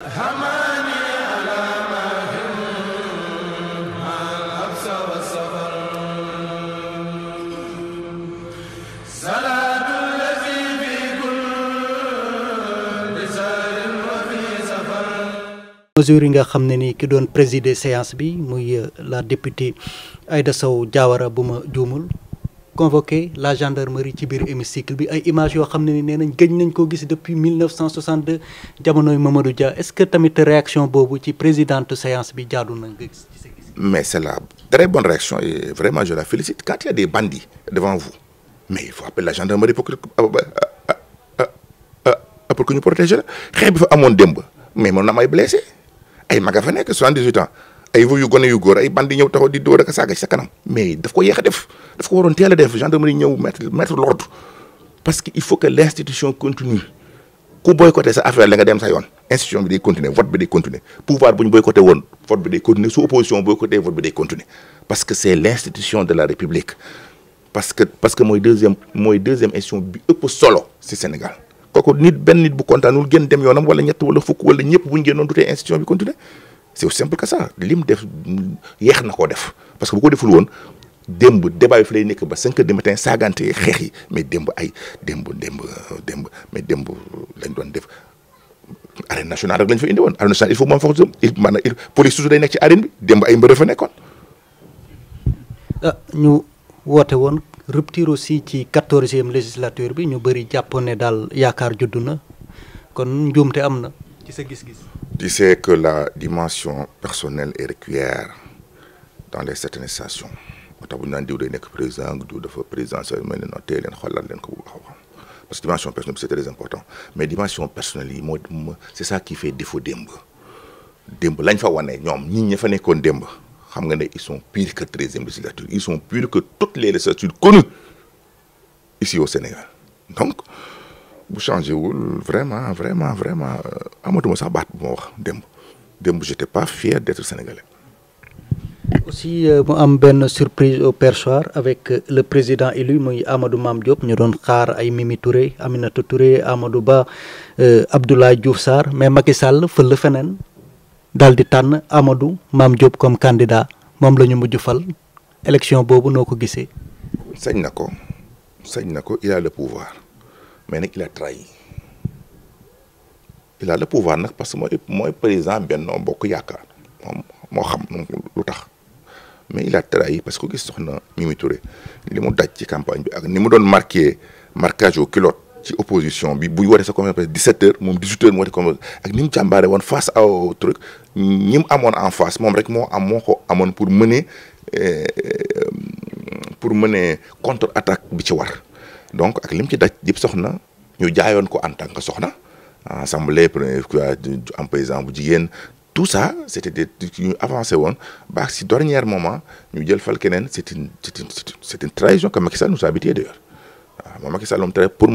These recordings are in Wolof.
mesure yi nga xam ne ni ki doon présider séance bi muy euh, la députée Aïda Sow Diawara bu ma juumul convoqué la gendarmerie ci biir hémicycle bi ay images yoo xam ne ni nee nañ gëj nañ ko gis depuis 1962 jamonoy Mamadou Dia est-ce que tamit réaction boobu ci présidente séance bi jaadu na nga gis. mais c'est la très bonne réaction vraiment je la félicite quand il y a des bandits devant vous mais il faut appeler la gendarmerie pour que ah, ah, ah, pour protéger xeex bi fa amoon démb mais mën na am ay blessé ay maga fa nekk soixante-dix-huit ans ay voyous yu gone yu góor ay bandi ñëw taxaw di dóor ak a ci sa kanam mais daf ko yéex a def. daf ko waroon teel a def gendarmerie ñëw mettre mettre l'ordre parce que il faut que l' continue ku boycotté sa affaire la nga dem sa yoon institution bi day continuer vote bi day continuer pouvoir bu ñu boycotté woon vote bi day continuer su opposition boycotté vote bi day continuer parce que c' est l' de la république parce que parce que mooy deuxième mooy deuxième institution bi ëpp solo si Sénégal kooku nit benn nit bu kontaanul gën dem yoonam wala ñett wala fukk wala ñëpp bu ñu génnoon dutee institution bi continuer c' est aussi na koo def parce que bu ko deful woon démb débat yi fi lay nekk ba cinq heures du saagante yi xeex yi mais démb ay demb démb démb mais demb lañ doon def arène nationale rek lañ fa indi woon arène nationale il faut moom foog il maanaam il police toujours day nekk ci arène bi démb ay mbër fa nekkoon. Ah, ñu woote woon rupture aussi ci quatorzième législature bi ñu bëri jàppoon ne daal yaakaar juddu na kon njuumte am na ci sa gis-gis. la dimension personnelle est régulière dans les certaines stations. moo tax bu naan diw day nekk président diw dafa présidentiel mel ne non tey leen xoolal leen ko bu baax a baax parce que dimension personnelle bi c'est très important mais dimension personnelle yi moo c'est ça qui fait défaut démb démb lañ fa wane ñoom ñi ña fa nekkoon démb xam nga ne ils sont pires que treizième législature ils sont pires que toutes les législatures connues ici au Sénégal donc bu changé wul vraiment vraiment vraiment euh, amatuma sax baat bu ma wax démb démb j'étais pas fier d'être sénégalais aussi euh, mu am benn surprise au persoir avec euh, le président élu muy amadu maam Diop ñu doon xaar ay Mimi Touré Aminata Touré Amadou Ba euh, Abdoulaye Diouf Sarr mais Macky Sall fël feneen daal di tànn amadu maam Diop comme candidat moom lañu ñu mujj fal élection boobu noo ko gisee. sañ na ko sañ na ko il a pouvoir mais nag il a trahi il pouvoir nag parce que mooy mooy président Benno Bokk Yaakaar moom moo xam lu tax. mais il a trahi parce que gis soxna Mimi Touré li mu daj ci campagne bi ak ni mu doon marqué marquage au culotte ci opposition bi buy waree sa conférence de presse 17 moom 18h mu waree conférence ak ni mu jàmbaare woon face au truc ñi mu amoon en face moom rek moo am moo ko amoon pour mener euh, pour mener contre attaque bi ci war donc ak lim ci daj yëpp soxna ñu jaayoon ko en tant que soxna assemblée premier am paysan bu jigéen tout ça c'était des ñu avancé woon baax si dernier moment ñu jël fal keneen c'est une c'est une c'est une trahison que Macky Sall nous a habitué d'ailleurs waaw moom Macky Sall moom très pour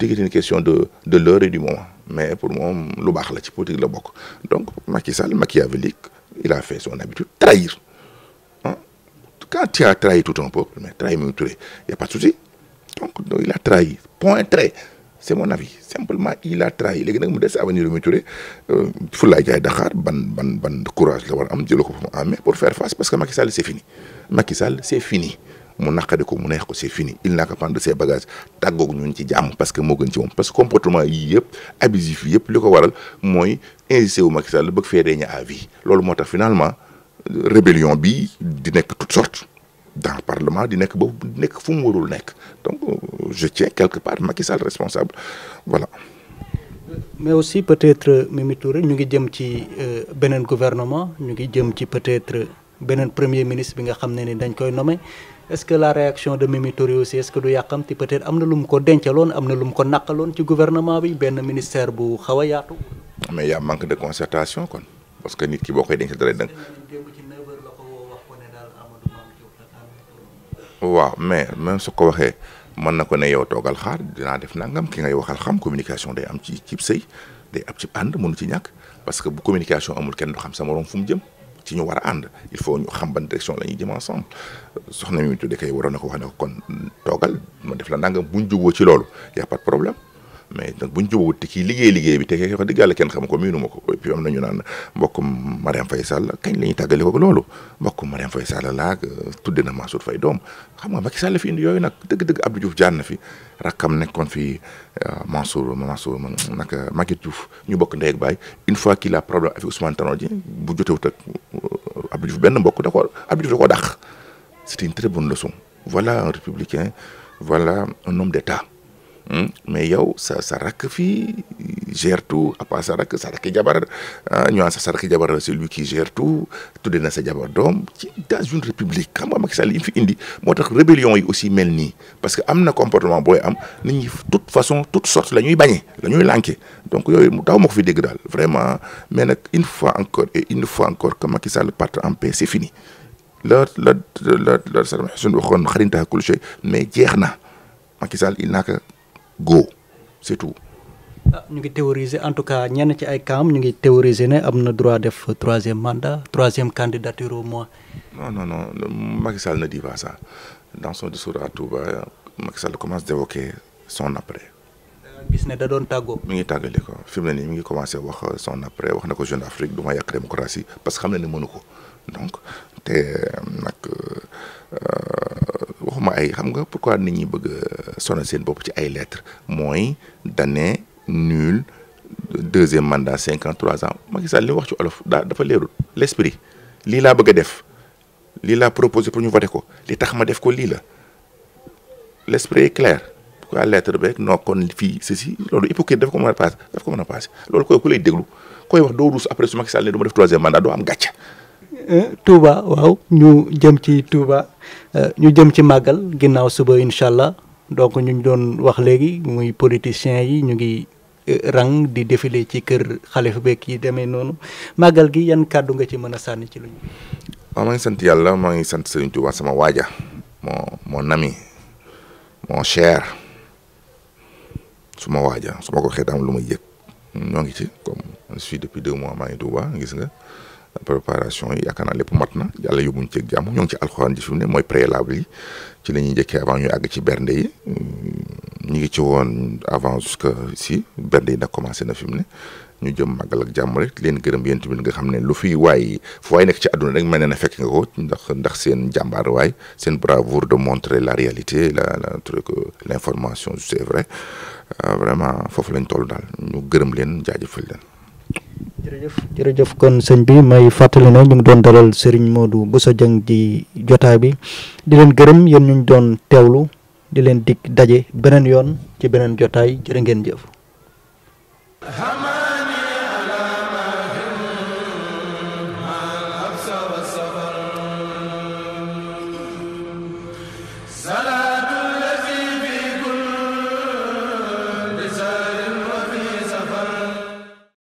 une question de l'heure et du moment mais pour moom lu baax la ci politique la bokk donc Macky Sall machiavélique il a fait son habitude trahir ah quand tu as trahi tout un peuple mais trahir Mimi Touré y a pas donc il a trahi point très se mon avis simplement il a trahi léegi nag mu des avenir Mimi Touré euh, Fulaay Jaay Dakar ban ban ban courage la war am jëloo ko fa amee pour faire face parce que Macky Sall c'est fini Macky c'est fini mu naqadi ko mu neex c'est fini il n'a qu'à prendre ses bagages tàggoog ñun ci jàmm parce que moo gën ci moom parce que comportement yii yëpp abusif yi yëpp li ko waral mooy insisté wu Macky Sall bëgg fee deñ à vie loolu moo tax finalement rébellion bi di nekk toute sorte dans le parlement nekk boobu di nekk fu nekk je tiens quelque part Macky Sall responsable voilà. mais aussi peut-être Mimi Touré ñu ngi jëm ci euh, beneen gouvernement ñu ngi jëm ci peut-être beneen premier ministre bi nga xam ne ni dañ koy nommer est-ce que la réaction de Mimi Touré aussi est-ce que du yàqamti peut-être am na lu mu ko dencaloon am na lu mu ko naqaloon ci gouvernement bi benn ministère bu xaw a yaatu. mais y manque de concertation kon parce que nit ki boo koy denc dara dëng. waaw mais même mën na ko ne yow toogal xaar dinaa def nangam ki ngay waxal xam communication day am ci cib sëy day am cib ànd mënu ci ñàkk parce que bu communication amul kenn du xam sama morom fu mu jëm ci ñu war a ànd il faut ñu xam ban direction la ñuy jëm ensemble soxna mi tudde kay waroon na ko wax ne ko kon toogal ma def la nangam buñ juboo ci loolu y a pas de problème mais donc bu ñu jubóowut kii liggéey liggéey bi te wax dëgg yàlla kenn xam ko miinu ma ko et na ñu naan mbokkum Mariam Faye Sall kañ la ñuy tàggale ko loolu mbokkum Mariam Faye Sall laag euh, tudde na Mansour Faye doom xam nga Macky Sall fi indi yooyu nag dëgg-dëgg Abdou Diouf jaar na fi rakkam nekkoon fi euh, Mansour Mansour nag Maguette Diouf ñu bokk ndey ak baay une fois qu'il a problème avec Ousmane Tanor Dieng bu jotewut ak euh, Abdou Diouf benn bokk da koo Abdou Diouf da koo dàq c'était une très bonne leçon voilà un républicain voilà un mais yow sa sa rakk fii gère tout à sa rakk sa rakki jabar ñu naan sax sa rakki jabar celui qui gère tout tudde na sa jabar doom ci dans une république xam nga Macky Sall yi fi indi moo tax rébellion yi aussi mel nii parce que am na comportement booy am nit façon toute sorte la ñuy bañee la ñuy lànke donc yooyu daaw ma fi dégg vraiment mais nag une fois encore et une fois encore que Macky Sall parte en paix c'est fini la la la la Saddam Hussein waxoon xarinta kul shay mais jeex na Macky Sall il n'a go c'est tout. Ah, ñu ngi théoriser en tout cas ñenn ci ay kaam ñu ngi théoriser ne am na droit def troisième mandat troisième candidature au moins. non non non Macky Sall ne dit pas ça dans son discours à Touba Macky Sall commence d'évoquer son après. gis ne da doon tàggoo. mi ngi tàggale ko fi mu ne nii mi ngi commencé wax son après wax na ko Jeune Afrique du ma yàq démocratie parce que xam na ne mënu ko donc te euh, nag. Euh, waxuma ay xam nga pourquoi nit ñi bëgg a seen bopp ci ay lettres mooy dane nul deuxième mandat cinquante trois ans Macky Sall li wax ci olof daa dafa leerul l'esprit lii laa bëgg def lii laa proposé pour ñu voté ko li tax ma def ko lii la l'esprit est clair pourquoi lettre beeg noo kon fii ceci loolu hypocrite dafa ko mën a paase dafa ko mën a paase loolu koy ku lay déglu koy wax doo ruus après su Macky Sall ne def troisième mandat doo am gàcce Euh, Touba waaw ñu jëm ci Touba euh, ñu jëm ci màggal ginnaaw suba incha allah donc ñu doon wax léegi muy politiciens yi ñu ngi euh, rang di défilé ci kër xalifa beek yi demee noonu màggal gi yan kàddu nga ci mën a sànni ci luñu. waaw maa ngi sant yàlla maa ngi sant Serigne Touba sama waaja moo nami moo cher su ma waaja su ko xeet lu ma yëg ñoo ngi ci comme je suis depuis deux mois maa ngi Touba gis nga. préparation yi yaakaar naa lépp mat na yàlla yóbbuñ ci jàmm ñoo ngi ci alxuraan ji fi ne mooy préalable yi ci la ñuy njëkkee avant ñuy àgg ci bernde yi mm, ñu ngi ci woon avant que si bernde yi nag commencé na fi mu ne ñu jëm màggal ak jàmm rek leen gërëm yéen tamit nga xam ne lu fi waaye fu nekk ci àdduna rek mel ne na fekk nga ko ndax ndax jàmbaar waay seen bravoure de montrer la réalité la la truc information c'est euh, vraiment foofu lañ toll daal ñu gërëm leen jaajëfal leen. jërëjëf jërëjëf kon sëñ bi may fàttali ne ñu ngi doon dalal Serigne Modou sa Dieng di jotaay bi di leen gërëm yéen ñu ngi doon teewlu di leen dig daje beneen yoon ci beneen jotaay jërë ngeen jëf